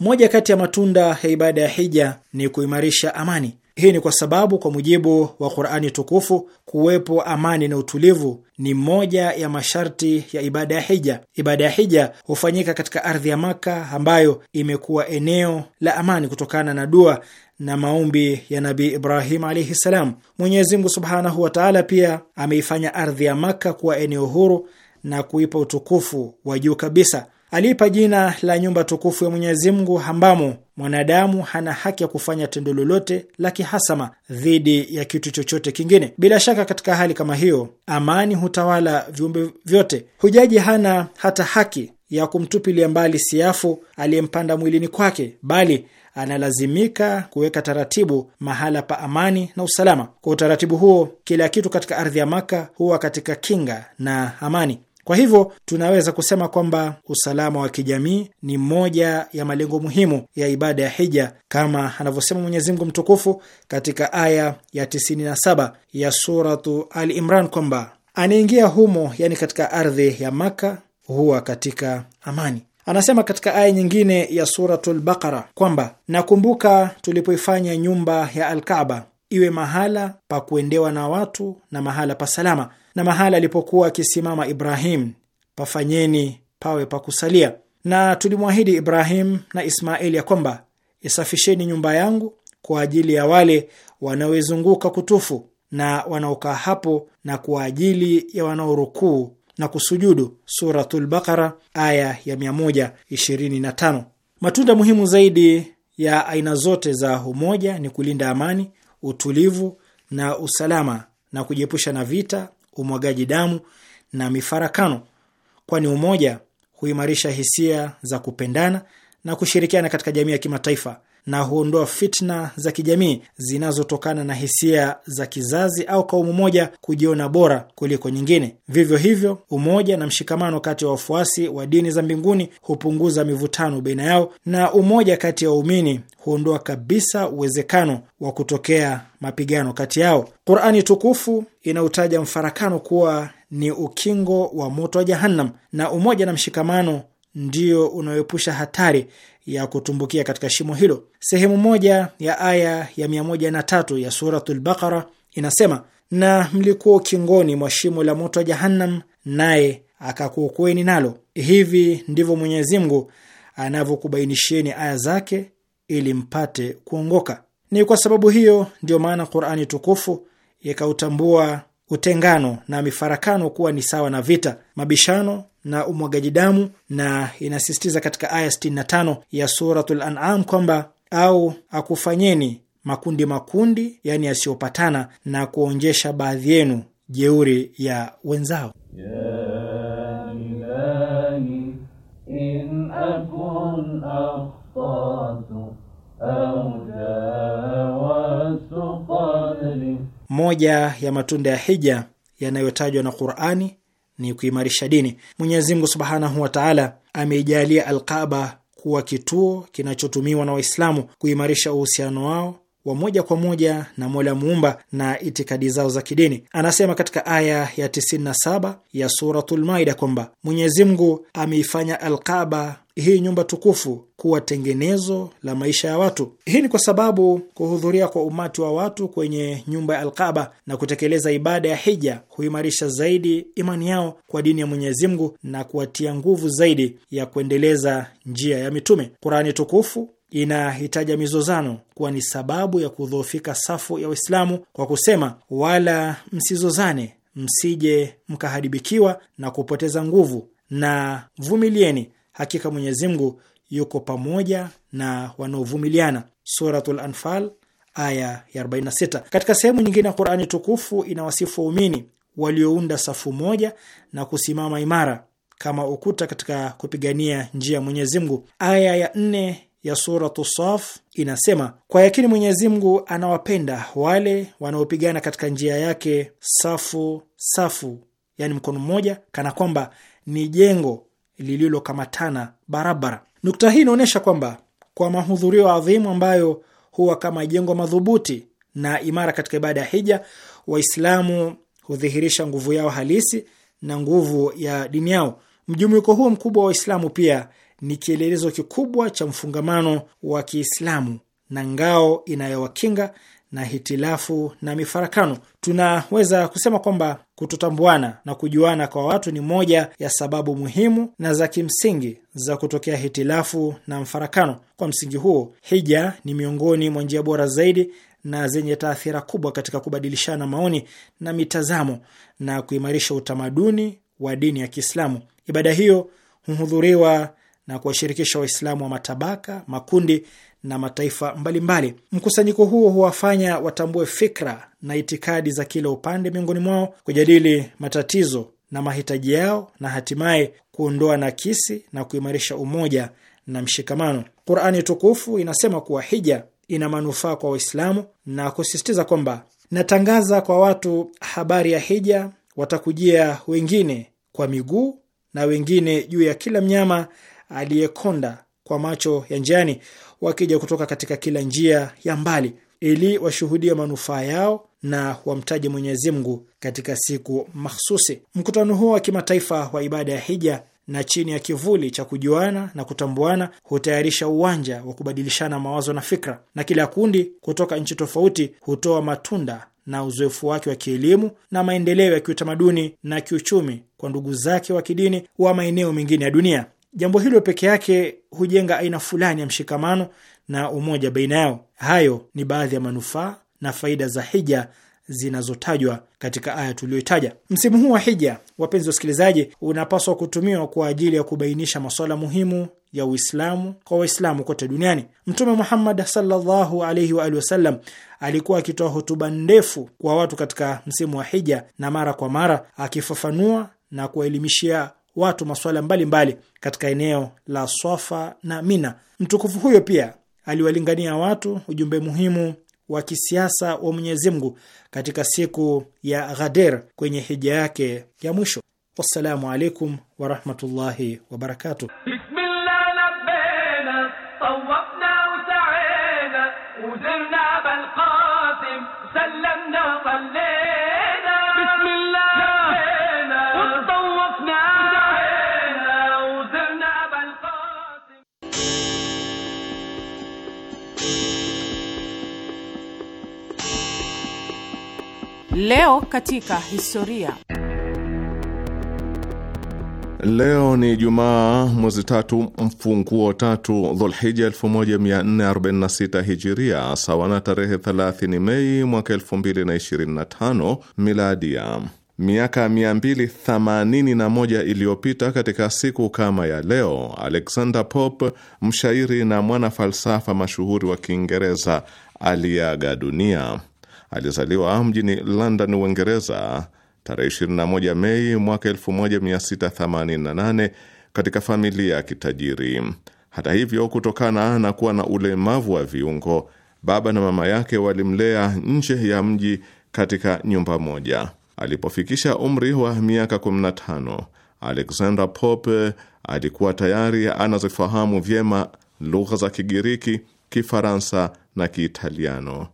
Speaker 6: Moja kati ya matunda ya ibada ya hija ni kuimarisha amani. Hii ni kwa sababu kwa mujibu wa Qur'ani tukufu, kuwepo amani na utulivu ni moja ya masharti ya ibada ya hija. Ibada ya hija hufanyika katika ardhi ya Maka ambayo imekuwa eneo la amani kutokana na dua na maombi ya nabi Ibrahim alaihi ssalam. Mwenyezi Mungu subhanahu wa taala pia ameifanya ardhi ya Makka kuwa eneo huru na kuipa utukufu wa juu kabisa. Aliipa jina la nyumba tukufu ya Mwenyezi Mungu ambamo mwanadamu hana haki ya kufanya tendo lolote la kihasama dhidi ya kitu chochote kingine. Bila shaka, katika hali kama hiyo, amani hutawala viumbe vyote. Hujaji hana hata haki ya kumtupilia mbali siafu aliyempanda mwilini kwake, bali analazimika kuweka taratibu mahala pa amani na usalama. Kwa utaratibu huo, kila kitu katika ardhi ya Maka huwa katika kinga na amani. Kwa hivyo tunaweza kusema kwamba usalama wa kijamii ni moja ya malengo muhimu ya ibada ya hija, kama anavyosema Mwenyezi Mungu mtukufu katika aya ya 97 ya Suratu Al Imran kwamba anaingia humo, yani katika ardhi ya Maka huwa katika amani. Anasema katika aya nyingine ya Suratul Baqara kwamba nakumbuka tulipoifanya nyumba ya alkaba iwe mahala pa kuendewa na watu na mahala pa salama, na mahala alipokuwa akisimama Ibrahim pafanyeni pawe pa kusalia, na tulimwahidi Ibrahim na Ismaeli ya kwamba isafisheni nyumba yangu kwa ajili ya wale wanaoizunguka kutufu na wanaokaa hapo na kwa ajili ya wanaorukuu na kusujudu, Suratul Baqara aya ya 125. Matunda muhimu zaidi ya aina zote za umoja ni kulinda amani, utulivu na usalama na kujiepusha na vita, umwagaji damu na mifarakano, kwani umoja huimarisha hisia za kupendana na kushirikiana katika jamii ya kimataifa na huondoa fitna za kijamii zinazotokana na hisia za kizazi au kaumu moja kujiona bora kuliko nyingine. Vivyo hivyo, umoja na mshikamano kati ya wafuasi wa dini za mbinguni hupunguza mivutano baina yao, na umoja kati ya waumini huondoa kabisa uwezekano wa kutokea mapigano kati yao. Qurani tukufu inautaja mfarakano kuwa ni ukingo wa moto wa Jahannam, na umoja na mshikamano ndio unaoepusha hatari ya kutumbukia katika shimo hilo. Sehemu moja ya aya ya tatu ya Suratul Baqara inasema, na mlikuwa ukingoni mwa shimo la moto wa Jahannam, naye akakuokoeni nalo. Hivi ndivyo Mwenyezi Mungu anavyokubainisheni aya zake ili mpate kuongoka. Ni kwa sababu hiyo ndiyo maana Qur'ani tukufu yakautambua utengano na mifarakano kuwa ni sawa na vita, mabishano na umwagaji damu, na inasisitiza katika aya 65 ya Suratul An'am kwamba au akufanyeni makundi makundi, yani yasiyopatana, na kuonjesha baadhi yenu jeuri
Speaker 4: ya wenzao ya
Speaker 6: moja ya matunda ya hija yanayotajwa na Qur'ani ni kuimarisha dini. Mwenyezi Mungu subhanahu wa taala ameijalia Alqaba kuwa kituo kinachotumiwa na Waislamu kuimarisha uhusiano wao wa moja kwa moja na Mola muumba na itikadi zao za kidini. Anasema katika aya ya 97 ya Suratul Maida kwamba Mwenyezi Mungu ameifanya Alqaba hii nyumba tukufu kuwa tengenezo la maisha ya watu. Hii ni kwa sababu kuhudhuria kwa umati wa watu kwenye nyumba ya Alkaba na kutekeleza ibada ya hija huimarisha zaidi imani yao kwa dini ya Mwenyezi Mungu na kuwatia nguvu zaidi ya kuendeleza njia ya mitume. Kurani tukufu inahitaja mizozano kuwa ni sababu ya kudhoofika safu ya Waislamu kwa kusema, wala msizozane, msije mkaharibikiwa na kupoteza nguvu, na vumilieni Hakika Mwenyezi Mungu yuko pamoja na wanaovumiliana. Suratul Anfal aya ya 46. Katika sehemu nyingine ya Qur'ani tukufu inawasifu waumini waliounda safu moja na kusimama imara kama ukuta katika kupigania njia ya Mwenyezi Mungu. Aya ya nne ya Suratu Saf inasema, kwa yakini Mwenyezi Mungu anawapenda wale wanaopigana katika njia yake safu safu, yani mkono mmoja, kana kwamba ni jengo lililokamatana barabara. Nukta hii inaonyesha kwamba kwa mahudhurio adhimu ambayo huwa kama jengo madhubuti na imara katika ibada ya hija, Waislamu hudhihirisha nguvu yao halisi na nguvu ya dini yao. Mjumuiko huo mkubwa wa Waislamu pia ni kielelezo kikubwa cha mfungamano wa Kiislamu na ngao inayowakinga na hitilafu na mifarakano. Tunaweza kusema kwamba kutotambuana na kujuana kwa watu ni moja ya sababu muhimu na za kimsingi za kutokea hitilafu na mfarakano. Kwa msingi huo, hija ni miongoni mwa njia bora zaidi na zenye taathira kubwa katika kubadilishana maoni na mitazamo na kuimarisha utamaduni wa dini ya Kiislamu. Ibada hiyo huhudhuriwa na kuwashirikisha Waislamu wa matabaka, makundi na mataifa mbalimbali. Mkusanyiko huo huwafanya watambue fikra na itikadi za kila upande miongoni mwao, kujadili matatizo na mahitaji yao, na hatimaye kuondoa nakisi na kuimarisha umoja na mshikamano. Qurani tukufu inasema kuwa hija ina manufaa kwa Waislamu na kusisitiza kwamba natangaza kwa watu habari ya hija, watakujia wengine kwa miguu na wengine juu ya kila mnyama aliyekonda kwa macho ya njiani, wakija kutoka katika kila njia ya mbali ili washuhudie manufaa yao na wamtaji Mwenyezi Mungu katika siku mahsusi. Mkutano huo wa kimataifa wa ibada ya hija na chini ya kivuli cha kujuana na kutambuana hutayarisha uwanja wa kubadilishana mawazo na fikra, na kila kundi kutoka nchi tofauti hutoa matunda na uzoefu wake wa kielimu na maendeleo ya kiutamaduni na kiuchumi kwa ndugu zake wa kidini wa maeneo mengine ya dunia. Jambo hilo peke yake hujenga aina fulani ya mshikamano na umoja baina yao. Hayo ni baadhi ya manufaa na faida za hija zinazotajwa katika aya tuliyoitaja. Msimu huu wa hija, wapenzi wa wasikilizaji, unapaswa kutumiwa kwa ajili ya kubainisha masuala muhimu ya Uislamu kwa Waislamu kote duniani. Mtume Muhammad sallallahu alaihi wa alihi wasallam alikuwa akitoa hotuba ndefu kwa watu katika msimu wa hija, na mara kwa mara akifafanua na kuwaelimishia watu masuala mbalimbali mbali katika eneo la Swafa na Mina. Mtukufu huyo pia aliwalingania watu ujumbe muhimu wa kisiasa wa Mwenyezi Mungu katika siku ya Ghadir kwenye hija yake ya mwisho. Wassalamu alaikum warahmatullahi wabarakatuh.
Speaker 3: Leo katika historia.
Speaker 1: Leo ni Jumaa, mwezi tatu mfunguo tatu Dhulhija 1446 Hijiria, sawa na tarehe 30 Mei mwaka 2025 Miladia. Miaka 281 iliyopita katika siku kama ya leo, Alexander Pope, mshairi na mwanafalsafa mashuhuri wa Kiingereza, aliaga dunia. Alizaliwa mjini London, Uingereza tarehe 21 Mei mwaka 1688 katika familia ya kitajiri. Hata hivyo, kutokana na kuwa na ulemavu wa viungo, baba na mama yake walimlea nje ya mji katika nyumba moja. Alipofikisha umri wa miaka 15, Alexander Pope alikuwa tayari anazifahamu vyema lugha za Kigiriki, Kifaransa na Kiitaliano.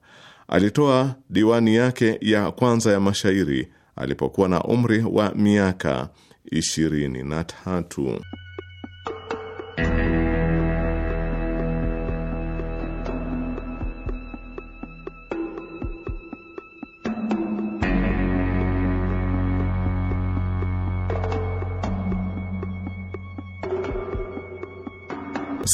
Speaker 1: Alitoa diwani yake ya kwanza ya mashairi alipokuwa na umri wa miaka ishirini na tatu.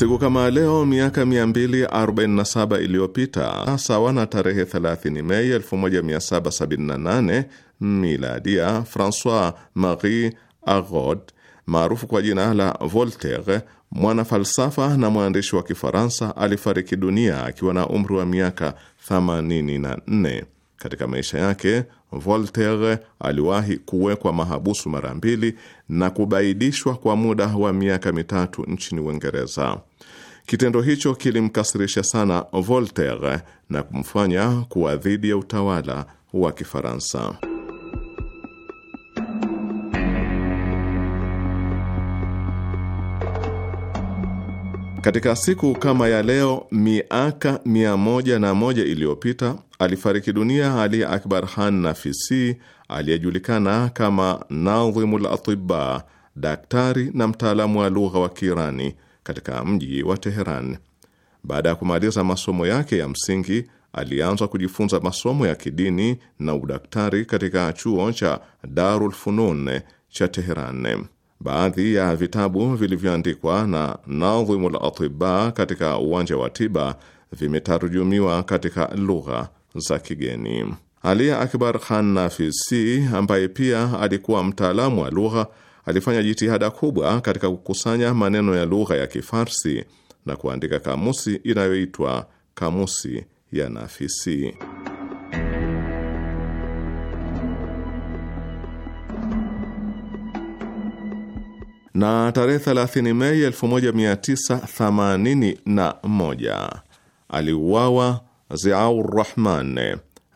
Speaker 1: Siku kama leo miaka 247 iliyopita, sawa na tarehe 30 Mei 1778 miladia, Francois Marie arod maarufu kwa jina la Voltaire, mwana falsafa na mwandishi wa Kifaransa, alifariki dunia akiwa na umri wa miaka 84. Katika maisha yake Voltaire aliwahi kuwekwa mahabusu mara mbili na kubaidishwa kwa muda wa miaka mitatu nchini Uingereza. Kitendo hicho kilimkasirisha sana Voltaire na kumfanya kuwa dhidi ya utawala wa Kifaransa. Katika siku kama ya leo miaka mia moja na moja iliyopita alifariki dunia Ali Akbar Khan Nafisi aliyejulikana kama Nadhimul Atiba, daktari na mtaalamu wa lugha wa Kiirani katika mji wa Teheran. Baada ya kumaliza masomo yake ya msingi, alianza kujifunza masomo ya kidini na udaktari katika chuo cha Darul Funun cha Teheran. Baadhi ya vitabu vilivyoandikwa na Nadhimul Atiba katika uwanja wa tiba vimetarujumiwa katika lugha za kigeni. Ali Akbar Khan Nafisi, ambaye pia alikuwa mtaalamu wa lugha, alifanya jitihada kubwa katika kukusanya maneno ya lugha ya Kifarsi na kuandika kamusi inayoitwa Kamusi ya Nafisi. na tarehe 30 Mei 1981 aliuawa Ziaur Rahman,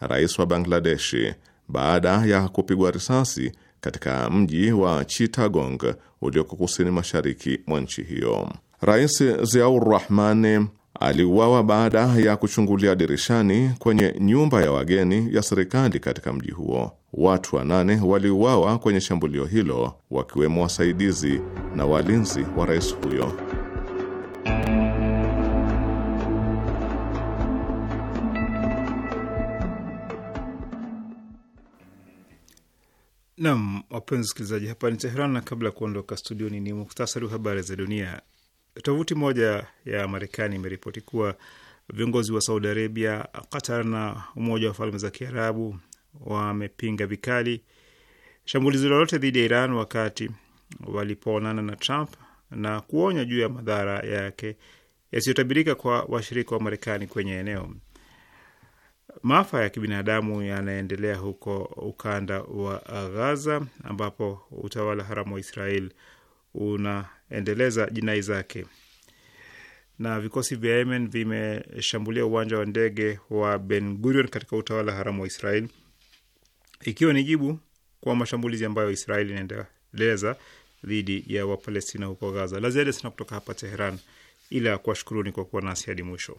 Speaker 1: rais wa Bangladeshi, baada ya kupigwa risasi katika mji wa Chittagong ulioko kusini mashariki mwa nchi hiyo. Rais Ziaur Rahman aliuawa baada ya kuchungulia dirishani kwenye nyumba ya wageni ya serikali katika mji huo. Watu wanane waliuawa kwenye shambulio hilo, wakiwemo wasaidizi na walinzi wa rais huyo.
Speaker 2: Nam, wapenzi wasikilizaji, hapa ni Teheran, na kabla ya kuondoka studioni ni, ni muktasari wa habari za dunia. Tovuti moja ya Marekani imeripoti kuwa viongozi wa Saudi Arabia, Qatar na Umoja wa Falme za Kiarabu wamepinga vikali shambulizi lolote dhidi ya Iran wakati walipoonana na Trump na kuonya juu ya madhara yake yasiyotabirika kwa washirika wa Marekani kwenye eneo. Maafa ya kibinadamu yanaendelea huko ukanda wa Gaza ambapo utawala haramu wa Israel una endeleza jinai zake. Na vikosi vya Yemen vimeshambulia uwanja wa ndege wa Ben Gurion katika utawala haramu wa Israel, ikiwa ni jibu kwa mashambulizi ambayo Israel inaendeleza dhidi ya Wapalestina huko Gaza. La ziada sana kutoka hapa Teheran, ila kuwashukuruni kwa kuwa nasi hadi mwisho.